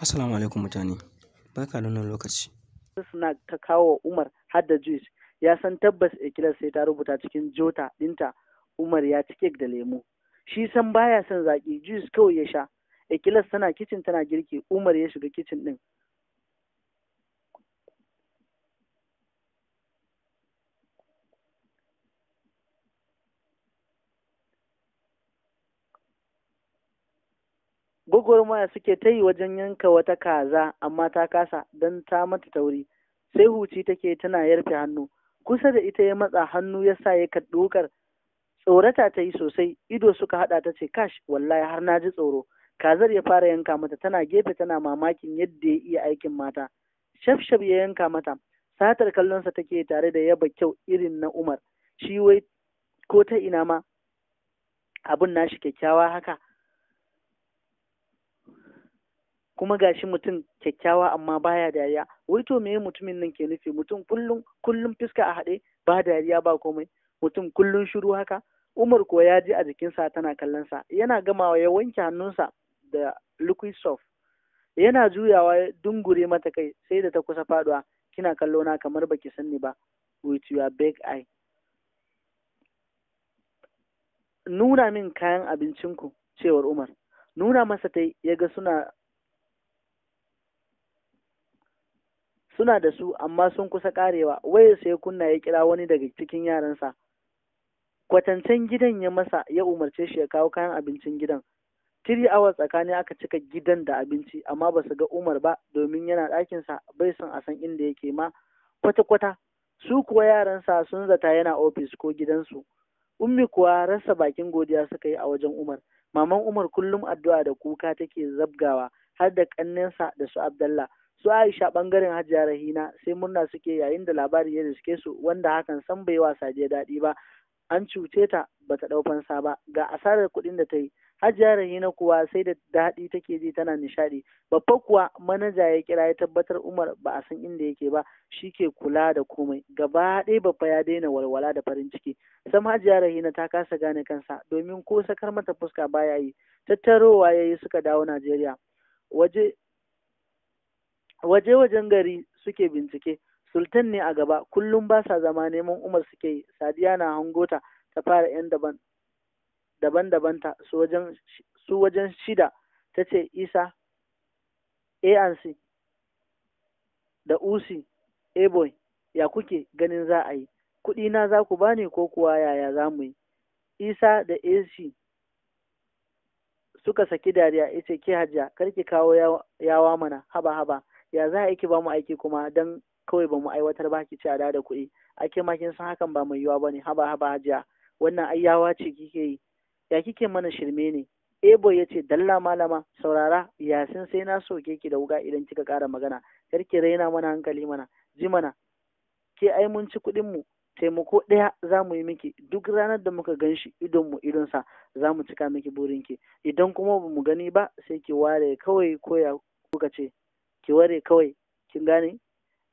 Assalamu alaikum mutane, barka da nan lokaci. Suna ta kawo Umar har da ya san tabbas ikilar sai ta rubuta cikin jota ɗinta Umar ya ci kek da lemu. Shi san baya son zaƙi, juice kawai ya sha. Ikilas tana kicin tana girki, Umar ya shiga kicin ɗin. gwagwarmaya suke ta yi wajen yanka wata kaza amma ta kasa don ta mata tauri sai huci take tana yarfe hannu kusa da ita ya matsa hannu ya sa ya kaddokar tsorata ta yi sosai ido suka hada ta ce kash wallahi har na ji tsoro kazar ya fara yanka mata tana gefe tana mamakin yadda ya iya aikin mata shafshaf ya yanka mata satar kallonsa take tare da yaba kyau irin na umar shi wai ko ta ina ma abun nashi kyakkyawa haka kuma gashi mutum kyakkyawa amma baya dariya wai to meye mutumin nan ke nufi mutum kullum kullum fiska a haɗe ba dariya ba komai mutum kullum shiru haka Umar ko ya ji a jikinsa tana kallonsa yana gamawa ya wanke hannunsa da liquid soft yana juyawa ya dungure mata kai sai da ta kusa faduwa kina kallo na kamar baki sanni ba with your big eye nuna min kayan abincinku cewar Umar nuna masa ta ya ga suna suna da su amma sun kusa karewa waya sai kunna ya kira wani daga cikin yaransa kwatancen gidan ya masa ya umarce shi ya kawo kayan abincin gidan tiri awa tsakani aka cika gidan da abinci amma ba su ga umar ba domin yana ɗakinsa bai son a san inda yake ma kwata-kwata su kuwa yaransa sun zata yana ofis ko gidansu ummi kuwa rasa bakin godiya suka yi a wajen umar maman umar kullum addu'a da kuka take zabgawa har da ƙannensa da su abdallah su Aisha bangaren Hajiya Rahina sai murna suke yayin da labari ya riske su wanda hakan san bai wa Sadiya daɗi ba an cuce ta bata ɗau fansa ba ga asarar kuɗin da ta yi Hajiya Rahina kuwa sai da daɗi take ji tana nishaɗi babba kuwa manaja ya kira ya tabbatar Umar ba a san inda yake ba shi ke kula da komai gaba ɗaya babba ya daina walwala da farin ciki sam Hajiya Rahina ta kasa gane kansa domin ko sakar mata fuska baya yi tattarowa yayi suka dawo Najeriya waje waje-wajen gari suke bincike sultan ne a gaba kullum ba sa zama neman umar suke yi sadiya na hangota ta fara yan daban daban ta su wajen shida ta ce isa anc da usi eboy ya kuke ganin za a yi kuɗi na za ku bani ko kuwa yaya za mu yi isa da ac suka saki dariya ya ce ke hajiya karki kawo yawa mana haba haba ya za a ki ba mu aiki kuma don kawai ba mu aiwatar ba ki ci a da kuɗi ake ma kin san hakan ba mai yiwa ba ne haba haba hajiya wannan ayyawa ce kike yi ya kike mana shirme ne ebo eh, ya ce dalla malama saurara yasin sai na soke ki da wuga idan kika ƙara magana kar ki raina mana hankali mana ji mana ke ai mun ci kuɗin mu taimako ɗaya za mu yi miki duk ranar da muka gan shi idon idonmu idonsa za mu cika miki burinki idan kuma ba mu gani ba sai ki ware kawai koya kuka ce ki ware kawai kin gane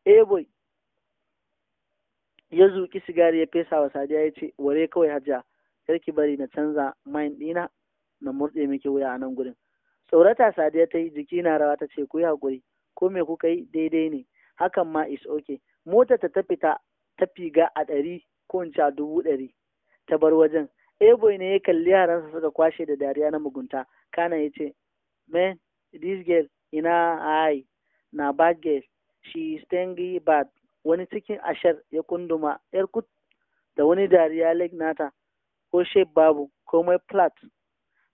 eh boy ya zuki sigari ya fesa wa sadiya ya ce ware kawai hajja kar ki bari na canza main ɗina na murɗe miki wuya a nan gurin tsorata sadiya ta yi jiki na rawa ta ce ku yi haƙuri ko me kuka yi daidai ne hakan ma is okay mota ta tafita ta figa a ɗari ko in a dubu ɗari ta bar wajen eboy eh ne ya kalli yaransa suka kwashe da dariya na mugunta kana ya ce man this girl ina ai na bages shi stengi bat wani cikin ashar ya kunduma yar kut da wani dariya lake nata ko shape babu komai plat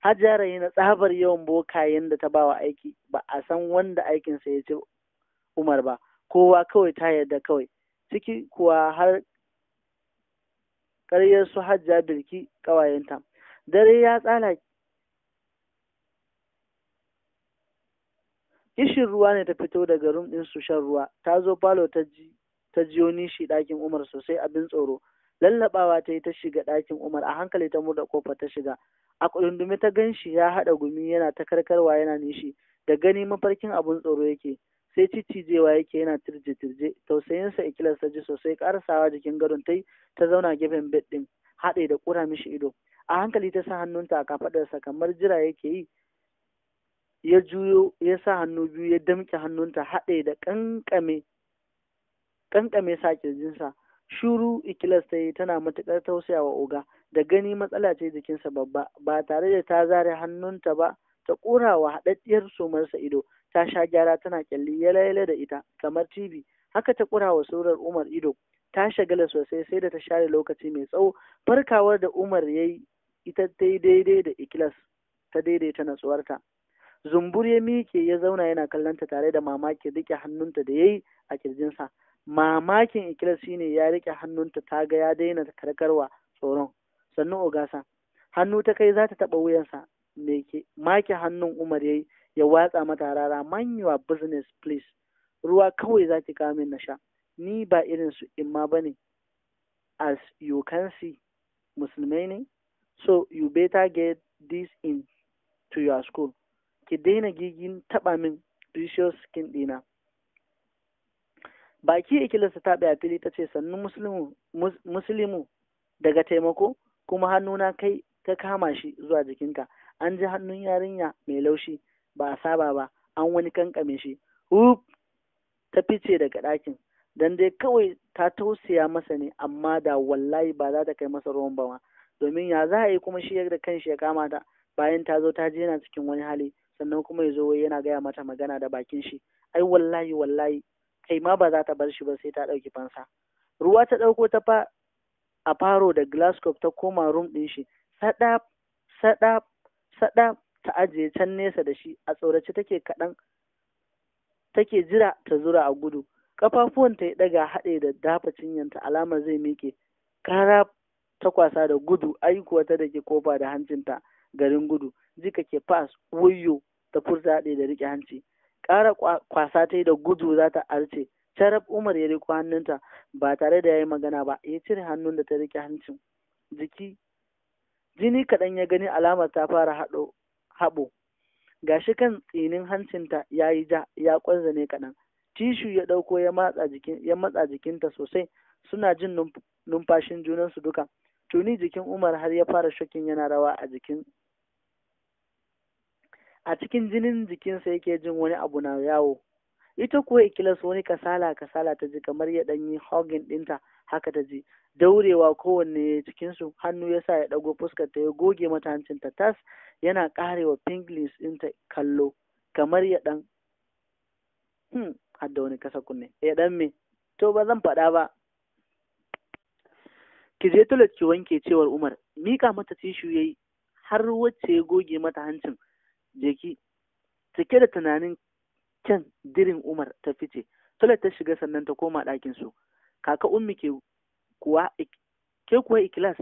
hajjara yi na tsabar yawan bokayen da ta bawa aiki ba a san wanda aikinsa ya ci umar ba kowa kawai ta yarda kawai ciki kuwa har karyar su hajja birki ƙawayenta dare ya tsala kishin ruwa ne ta fito daga rum ɗin su shan ruwa ta zo falo ta ji ta jiyo nishi ɗakin umar sosai abin tsoro Lallaɓawa ta yi ta shiga ɗakin umar a hankali ta murda kofar ta shiga a kudundumi ta ganshi ya haɗa gumi yana ta karkarwa yana nishi da gani mafarkin abin tsoro yake sai ciccijewa yake yana tirje-tirje tausayinsa ikilar ji sosai karasawa jikin gadon ta ta zauna gefen bed ɗin haɗe da ƙura mishi ido a hankali ta sa hannunta a kafaɗarsa kamar jira yake yi ya juyo ya sa hannu biyu ya damƙe hannunta haɗe da ƙanƙame ƙanƙame sa ƙirjinsa shuru ikilas ta yi tana matuƙar tausayawa oga da gani matsala ce jikinsa babba ba tare da ta zare hannunta ba ta ƙurawa haɗaɗɗiyar sumarsa ido ta sha gyara tana ƙyalli ya laila da ita kamar tv haka ta ƙurawa surar umar ido ta shagala sosai sai da ta share lokaci mai tsawo farkawar da umar ya yi ita ta yi daidai da ikilas ta daidaita natsuwarta zumbur ya miƙe ya zauna yana kallonta tare da mamaki rike hannunta da yayi a kirjinsa mamakin ikilas shine ya rike hannunta ta ga ya daina karkarwa tsoron sannu ogasa hannu ta kai za ta taɓa wuyansa make hannun umar yayi ya watsa mata rara manyuwa business please ruwa kawai za ki kamin na sha ni ba irin su imma ba ne as you can see musulmai ne so you better get this in to your school ki daina gigin taba min precious skin ɗina baki ikilisa ta a fili ta ce sannu muslimu muslimu daga taimako kuma hannuna kai ka kama shi zuwa jikinka an ji hannun yarinya mai laushi ba a saba ba an wani kankame shi up ta fice daga ɗakin dan dai kawai ta tausaya masa ne amma da wallahi ba za ta kai masa ruwan ba ma domin ya za a yi kuma shi da kanshi ya kama ta bayan ta zo ta je yana cikin wani hali sannan kuma ya zo yana gaya mata magana da bakin shi ai wallahi wallahi kai ma ba za ta bar shi ba sai ta ɗauki fansa ruwa ta ɗauko ta fa a faro da glasgow ta koma room ɗin shi sadap ta ajiye can nesa da shi a tsorace take kaɗan take jira ta zura a gudu kafafuwan ta ya ɗaga haɗe da dafa cinyanta alamar zai miƙe kara ta kwasa da gudu aikuwa ta dake kofa da hancinta garin gudu jika ke fas wayo ta furta haɗe da riƙe hanci ƙara kwasa ta yi da gudu za ta arce carab umar ya riko hannunta ba tare da ya yi magana ba ya cire hannun da ta riƙe hancin jiki jini kaɗan ya gani alamar ta fara haɗo haɓo gashi kan tsinin hancinta ya yi ja ya ƙwanza ne kaɗan tishu ya ɗauko ya matsa ya matsa jikinta sosai suna jin numfashin junansu duka tuni jikin umar har ya fara shokin yana rawa a jikin a cikin jinin jikinsa yake jin wani abu na yawo ita kuwa ikilas wani kasala kasala ta ji kamar ya ɗanyi hogin ɗinta haka ta ji daurewa kowanne cikinsu hannu ya sa ya ɗago fuskar ta ya goge mata hancinta tas yana ƙarewa pinglins ɗinta kallo kamar ya ɗan hmm, hadda wani kasa kunne ya ɗan me to ba zan faɗa ba ki je toilet ki wanke cewar umar mika mata tishu yayi har wacce ya goge mata hancin jeki cike da tunanin kyan dirin umar ta fice tole ta shiga sannan ta koma ɗakin su kaka ummi ke kuwa ke kuwa ikilas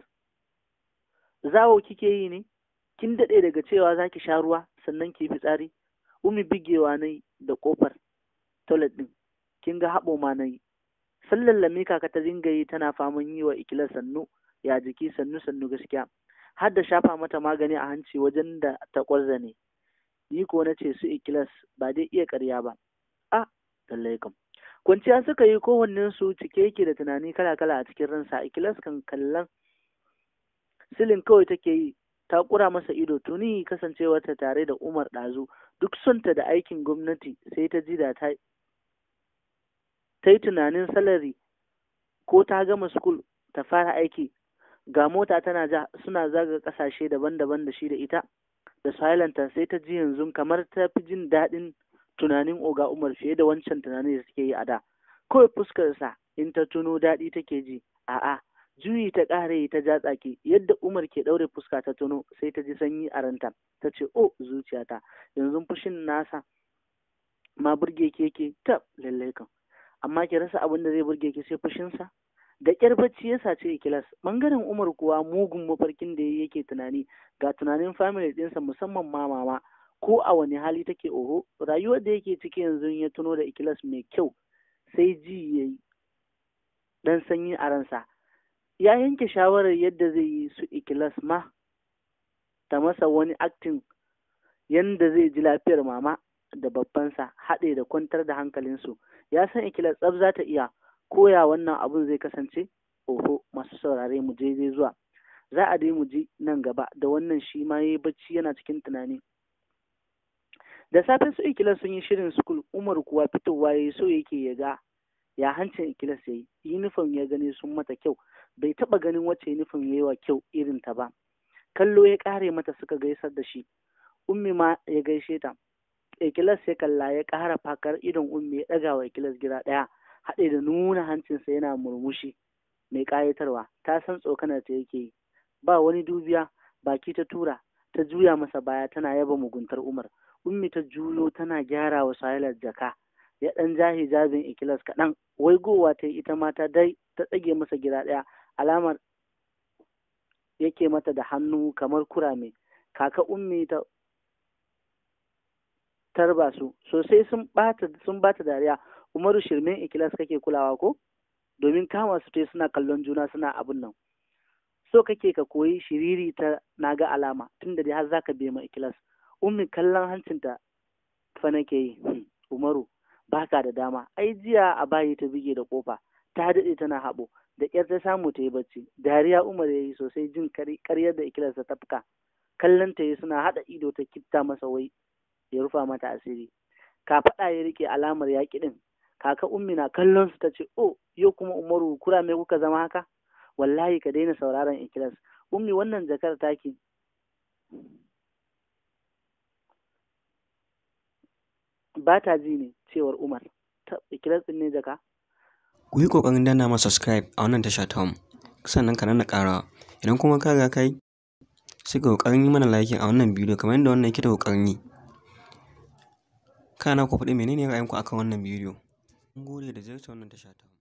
zawo kike yi ne kin daɗe daga cewa za ki sha ruwa sannan ki fitsari ummi bigewa nai da ƙofar toilet ɗin kin ga haɓo ma nayi sallallami kaka ta dinga yi tana faman yi wa ikilas sannu ya jiki sannu sannu gaskiya har da shafa mata magani a hanci wajen da ta ƙwarza ni ko na ce su ikilas ba dai iya karya ba a lallai kam kwanciya suka yi kowannen su cike yake da tunani kala kala a cikin ransa ikilas kan kallon silin kawai take yi ta kura masa ido tuni kasancewarta tare da umar ɗazu duk sunta da aikin gwamnati sai ta ji da ta yi tunanin salari ko ta gama skul ta fara aiki ga mota tana ja suna zaga kasashe daban-daban da shi da ita da silenta sai ta ji yanzu kamar ta fi jin daɗin tunanin oga umar fiye da wancan tunanin da suke yi a da kawai fuskarsa in ta tuno daɗi take ji a'a juyi ta ƙare ta ja tsaki yadda umar ke ɗaure fuska ta tuno sai ta ji sanyi a ranta ta ce o oh, zuciyata yanzu fushin nasa ma burge keke tab lallai kan amma ki rasa abin da zai burge ki sai fushinsa da ƙyar bacci ya sace ikilas bangaren umar kuwa mugun mafarkin da yake tunani ga tunanin family ɗinsa musamman ma mama ko a wani hali take oho rayuwar da yake ciki yanzu ya tuno da ikilas mai kyau sai ji ya yi Dan sanyi a ransa ya yanke shawarar yadda zai yi su ikilas ma ta masa wani aktin yadda zai ji lafiyar mama da babbansa haɗe da kwantar da hankalinsu ya san ikilas tsab za ta iya koya wannan abun zai kasance oho masu saurare mu je zai zuwa za a dai mu ji nan gaba da wannan shi ma yayi bacci yana cikin tunani da safe su ikilas sun yi shirin sukul umar kuwa fitowa yayi so yake ya ga ya hancin ikilas yayi uniform ya gani sun mata kyau bai taba ganin wacce uniform yayi wa kyau irin ta ba kallo ya kare mata suka gaisar da shi ummi ma ya gaishe ta ikilas ya kalla ya kara fakar idon ummi ya daga wa ikilas gida daya haɗe da nuna hancinsa yana murmushi mai ƙayatarwa ta san tsokanar ta yake yi ba wani dubiya baki ta tura ta juya masa baya tana yaba muguntar umar ummi ta juyo tana gyara wa sahilar jaka ya ɗan ja hijabin ikilas kaɗan wai gowa ta yi ita mata dai ta tsage masa gida ɗaya alamar yake mata da hannu kamar kurame kaka ummi ta tarba su sosai sun bata dariya umaru shirmen ikilas kake kulawa ko domin kama su tai suna kallon juna suna abin nan so kake ka koyi shiriri ta naga alama tunda da har zaka bi ma ikilas ummi kallon hancinta fa nake yi hmm, umaru baka da dama ai jiya a bayi ta bige da kofa ta daɗe tana haɓo da ƙyar ta samu ta yi bacci dariya umar ya yi sosai jin karyar da ikilas ta tafka kallon ta yi suna haɗa ido ta kifta masa wai ya rufa mata asiri ka faɗa ya rike alamar yaƙi ɗin kaka ummi na kallon su ta ce, oh yau kuma umaru kura me kuka zama haka wallahi ka daina sauraron ikilas ummi wannan jakar taki ba ta ji ne cewar umar ikilas din ne jaka ku yi kokarin dana ma subscribe a wannan tasha ta sannan ka nana ƙara idan kuma ka ga kai sai ka kokarin yi mana like a wannan bidiyo kamar yadda wannan yake da kokarin yi kana ku faɗi menene ra'ayinku akan wannan bidiyo Mun gode da ziyartar wannan tasha tamu.